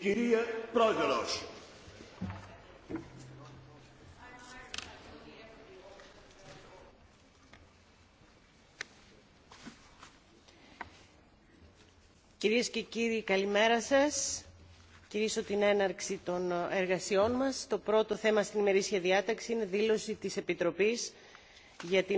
κυρία Πρόεδρος. Κυρίες και κύριοι, καλημέρα σας. Κυρίσω την έναρξη των εργασιών μας. Το πρώτο θέμα στην ημερήσια διάταξη είναι δήλωση της Επιτροπής για την